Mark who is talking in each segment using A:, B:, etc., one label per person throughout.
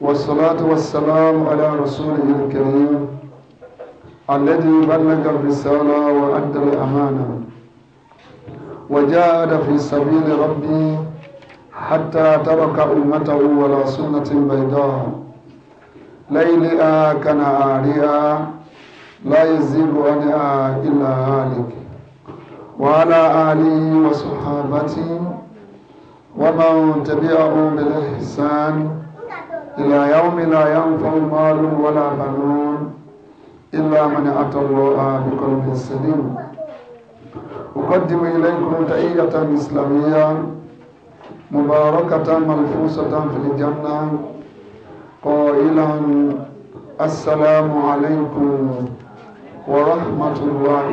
A: والصلاة والسلام على رسوله الكريم الذي بلغ الرسالة وأدى الأمانة وجاهد في سبيل ربي حتى ترك أمته ولا سنة بيضاء ليلها كنهارها لا يزيد عنها إلا هالك وعلى آله وصحابته ومن تبعه بالإحسان إلى يوم لا ينفع مال ولا بنون إلا من أتى الله بقلب سليم أقدم إليكم تحية إسلامية مباركة ملفوسة في الجنة قائلا السلام عليكم ورحمة الله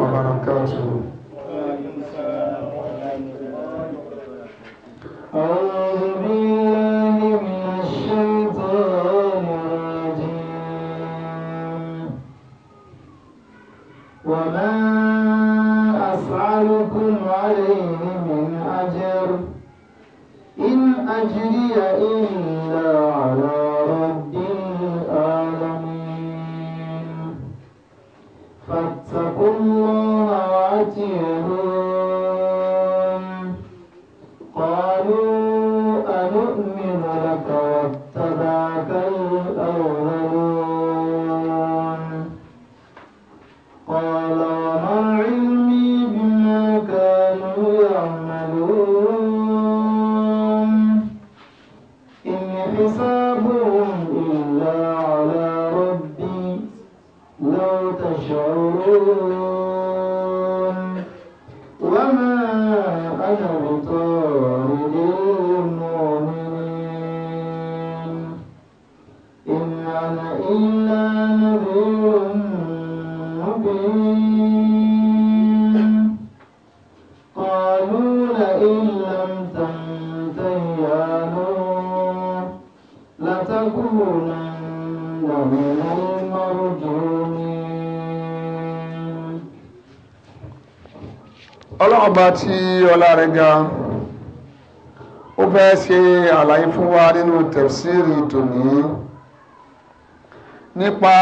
A: وبركاته
B: وما أسألكم عليه من أجر إن أجري إلا على رب بطارد وما أنا بطارد المؤمنين إن أنا إلا
A: ọlọ́run ọba tí ọlá rẹ̀ ga ó fẹ́ ṣe àlàyé fún wa nínú tẹ̀síìrì tòní nípa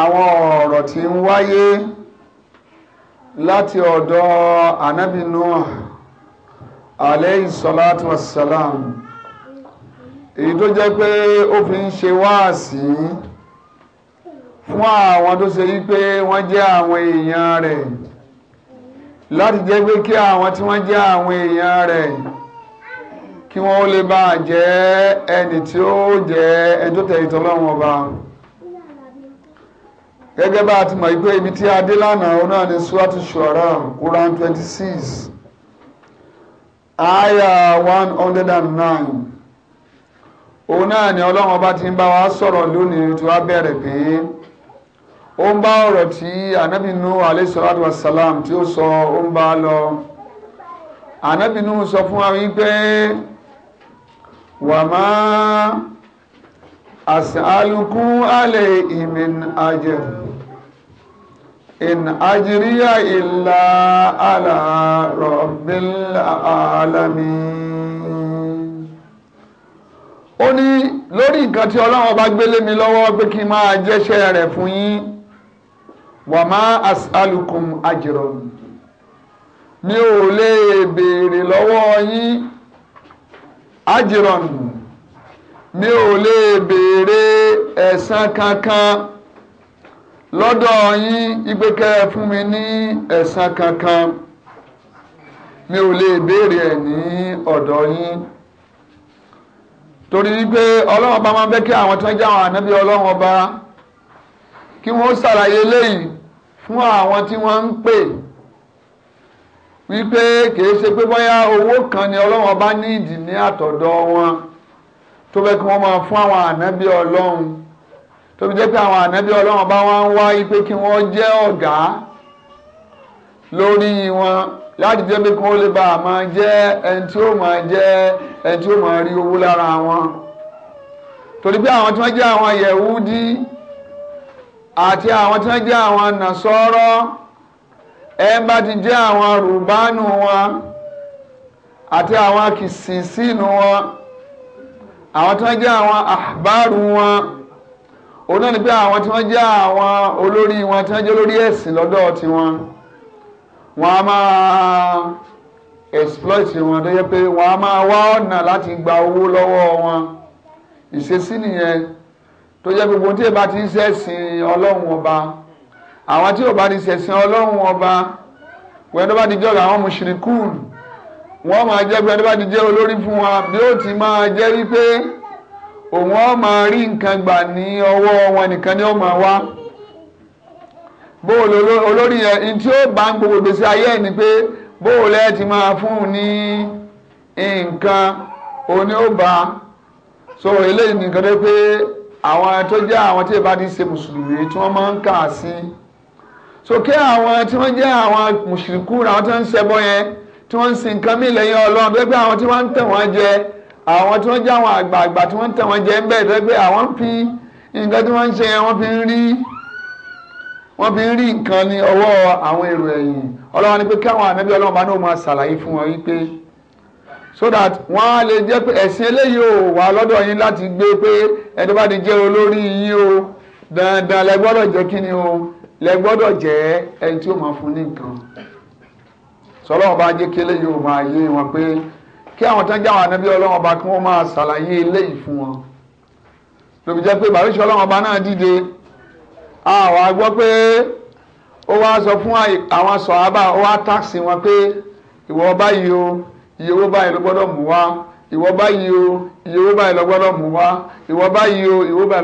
A: àwọn ọ̀rọ̀ tí ń wáyé láti ọ̀dọ̀ ànábì Nuh alayhi salatu wassalam èyí tó jẹ́ pé ó fi ń ṣe wáàsí fún àwọn tó ṣe yí pé wọ́n jẹ́ àwọn èèyàn rẹ̀ láti jẹ́ pé kí àwọn tí wọ́n jẹ́ àwọn èèyàn rẹ̀ kí wọ́n ó lè bá jẹ́ ẹni tí ó jẹ́ ẹni tó tẹ̀yìn tọ́lọ́run ọba gẹ́gẹ́ bá a ti mọ̀ wípé ibi tí a dé lánàá òun náà ni suwatu shuara quran twenty six aya one hundred and nine òun náà ni ọlọ́run ọba ti ń bá wa sọ̀rọ̀ lónìí tí wàá bẹ̀rẹ̀ pé ó ń bá ọ̀rọ̀ tí ànábì Nuhu alayhi salatu wassalam tí ó sọ ó ń bá lọ ànábì Nuhu sọ fún wa wípé wà máa as'alukum alayhi min ajr in ajriya illa ala rabbil alamin ó ní lórí nǹkan tí Ọlọ́run bá gbélé mi lọ́wọ́ pé kí máa jẹ́ṣẹ́ rẹ̀ fún yín wà má as'alukum ajran mi ò lè béèrè lọ́wọ́ yín ajran mi ò lè béèrè ẹ̀san kankan lọ́dọ̀ yín ìgbékẹ́ fún mi ní ẹ̀san kankan mi ò lè béèrè ẹ̀ ní ọ̀dọ̀ yín torí wípé ọlọ́run ọba máa ń bẹ́ kí àwọn tó ń jẹ́ àwọn ànábì ọlọ́run ọba kí wọ́n ṣàlàyé léyìí fún àwọn tí wọ́n ń pè wípé kìí ṣe pé bóyá owó kan ni ọlọ́run bá ní ìdí ní àtọ̀dọ̀ wọn tó bẹ́ẹ̀ kí wọ́n máa fún àwọn ànábì ọlọ́run tó fi jẹ́ pé àwọn ànábì ọlọ́run bá wá ń wá wípé kí wọ́n jẹ́ ọ̀gá lórí wọn láti jẹ́ pé kí wọ́n lè bá a máa jẹ́ ẹni tí ó máa jẹ́ ẹni tí ó máa rí owó lára wọn torí pé àwọn tí wọ́n jẹ́ àwọn Yẹ̀húdí àti àwọn tí wọ́n jẹ́ àwọn nàṣọ́rọ́ ẹ bá ti jẹ́ àwọn rùbánù wọn àti àwọn kìsìsínú wọn àwọn tí wọ́n jẹ́ àwọn àbárù wọn òun náà ni pé àwọn tí wọ́n jẹ́ àwọn olórí wọn tí wọ́n jẹ́ olórí ẹ̀sìn lọ́dọ̀ tiwọn wọ́n á máa exploit wọn tó yẹ pé wọ́n á máa wá ọ̀nà láti gba owó lọ́wọ́ wọn ìṣesí nìyẹn tó jẹ́ gbogbo tí ìbá ti ń ṣẹ̀sìn ọlọ́run ọba àwọn tí ò bá ti ṣẹ̀sìn ọlọ́run ọba wẹ́n tó bá ti jọ́ra àwọn mùṣírikùn wọ́n máa jẹ́ pé tó bá ti jẹ́ olórí fún wa bí ó ti máa jẹ́ wípé òun ó máa rí nǹkan gbà ní ọwọ́ wọn nìkan ni ó máa wá bóòlù olórí yẹn tí ó bá ń gbogbo gbèsè ayé ẹ̀ ni pé bóòlù ẹ̀ ti máa fún un ní nǹkan oní ó bá so eléyìí nìkan tó pé àwọn tó jẹ́ àwọn tí ìbá ti ṣe mùsùlùmí tí wọ́n máa ń kà sí sókè àwọn tí wọ́n jẹ́ àwọn mùṣírikù àwọn tí wọ́n ń ṣẹbọ yẹn tí wọ́n ń sin nǹkan mí lẹ́yìn ọlọ́run tó gbé àwọn tí wọ́n ń tẹ̀ wọ́n jẹ àwọn tí wọ́n jẹ́ àwọn àgbààgbà tí wọ́n ń tẹ̀ wọ́n jẹ ń bẹ̀ tó gbé àwọn fi nǹkan tí wọ́n ń ṣe yẹn wọ́n fi ń rí wọ́n fi ń rí nǹkan ní ọwọ́ àwọn èrò ẹ̀yìn ọlọ́run ni pé kí àmẹ́bí ọlọ́run bá náà máa ṣàlàyé fún wọn wípé so that wọ́n á lè jẹ́ pé ẹ̀sìn eléyìí ò wà lọ́dọ̀ yín láti gbé pé ẹni bá ti jẹ́ olórí yín o dandan lẹ gbọ́dọ̀ jẹ́ kí ni o lẹ gbọ́dọ̀ jẹ́ ẹni tí ó máa fún ní nǹkan sọlọ́wọ́n bá jẹ́ kí eléyìí ò máa yé wọn pé kí àwọn tán jáwọn ànábí ọlọ́wọ́n ọba kí wọ́n máa ṣàlàyé eléyìí fún wọn lóbi jẹ́ pé bàbá ìṣọ́ ọlọ́wọ́n ọba náà dìde àwọn àgbọ́ pé ó wá sọ fún àwọn sọ̀hábà ó wá táàsì wọn pé ìwọ báyìí o iye owó báyìí ló gbọ́dọ̀ mú wá ìwọ báyìí o iye owó báyìí ló gbọ́dọ̀ mú wá ìwọ báyìí o ìwọ báyìí ló.